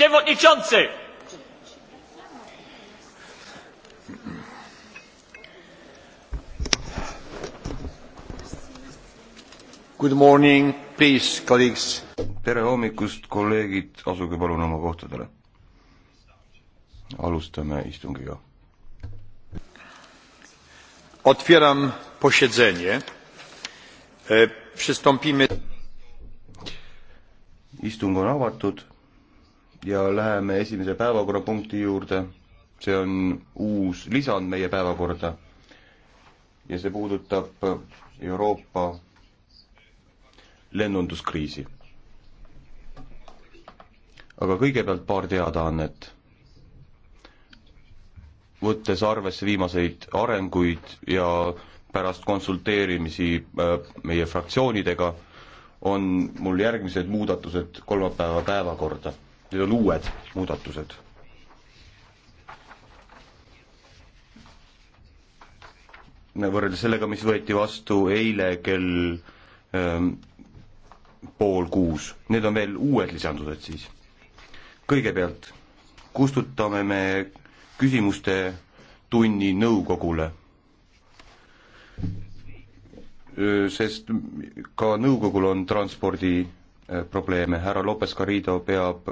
Przewodniczący! Good morning, please, colleagues. tere hommikust, kolleegid, asuge palun oma kohtadele. alustame istungiga. Otwieram posiedzenie. E, przystąpimy. istung on avatud ja läheme esimese päevakorrapunkti juurde. see on uus lisand meie päevakorda ja see puudutab Euroopa lennunduskriisi. aga kõigepealt paar teadaannet. võttes arvesse viimaseid arenguid ja pärast konsulteerimisi äh, meie fraktsioonidega, on mul järgmised muudatused kolmapäeva päevakorda Need on uued muudatused. võrreldes sellega, mis võeti vastu eile kell ähm, pool kuus, need on veel uued lisandused siis. kõigepealt kustutame me küsimuste tunni nõukogule. sest ka nõukogul on transpordiprobleeme, äh, härra Lopez Garrido peab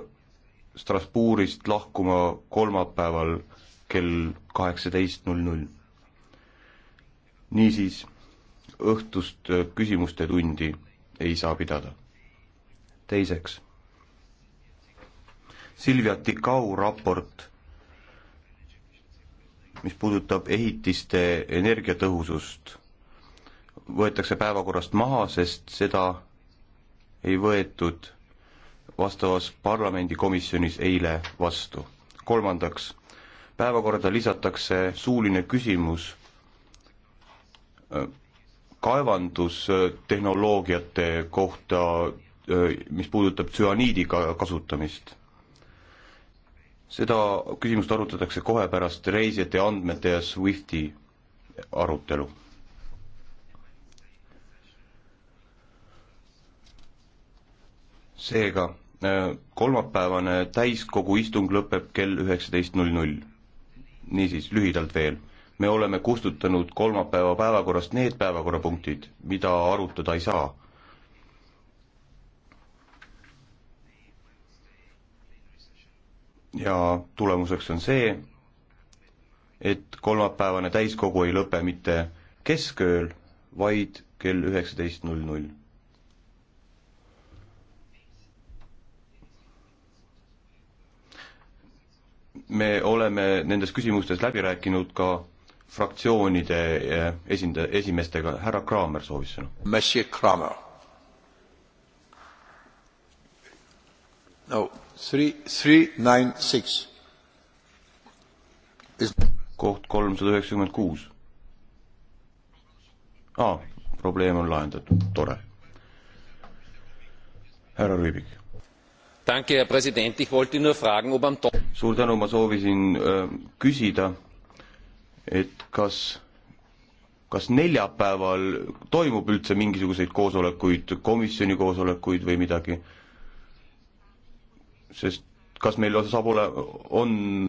Strasbourgist lahkuma kolmapäeval kell kaheksateist null null. niisiis, õhtust äh, küsimuste tundi ei saa pidada. teiseks, Silvia Tikau raport, mis puudutab ehitiste energiatõhusust, võetakse päevakorrast maha, sest seda ei võetud vastavas parlamendikomisjonis eile vastu. kolmandaks, päevakorda lisatakse suuline küsimus äh, kaevandustehnoloogiate kohta, äh, mis puudutab tsüaniidiga kasutamist. seda küsimust arutatakse kohe pärast reisijate andmete ja SWIFTi arutelu. seega kolmapäevane täiskogu istung lõpeb kell üheksateist null null. niisiis, lühidalt veel, me oleme kustutanud kolmapäeva päevakorrast need päevakorrapunktid, mida arutada ei saa. ja tulemuseks on see, et kolmapäevane täiskogu ei lõpe mitte keskööl, vaid kell üheksateist null null me oleme nendes küsimustes läbi rääkinud ka fraktsioonide eh, esinda-, esimeestega, härra Kramer soovis sõna. Monsieur Kramer. no three, three nine six Is.... koht kolmsada üheksakümmend kuus. aa, ah, probleem on lahendatud, tore. härra Rüübik. Danke, Herr Präsident, ich wollte nur fragen, ob am to- suur tänu, ma soovisin äh, küsida, et kas, kas neljapäeval toimub üldse mingisuguseid koosolekuid, komisjoni koosolekuid või midagi? sest kas meil saab ole-, on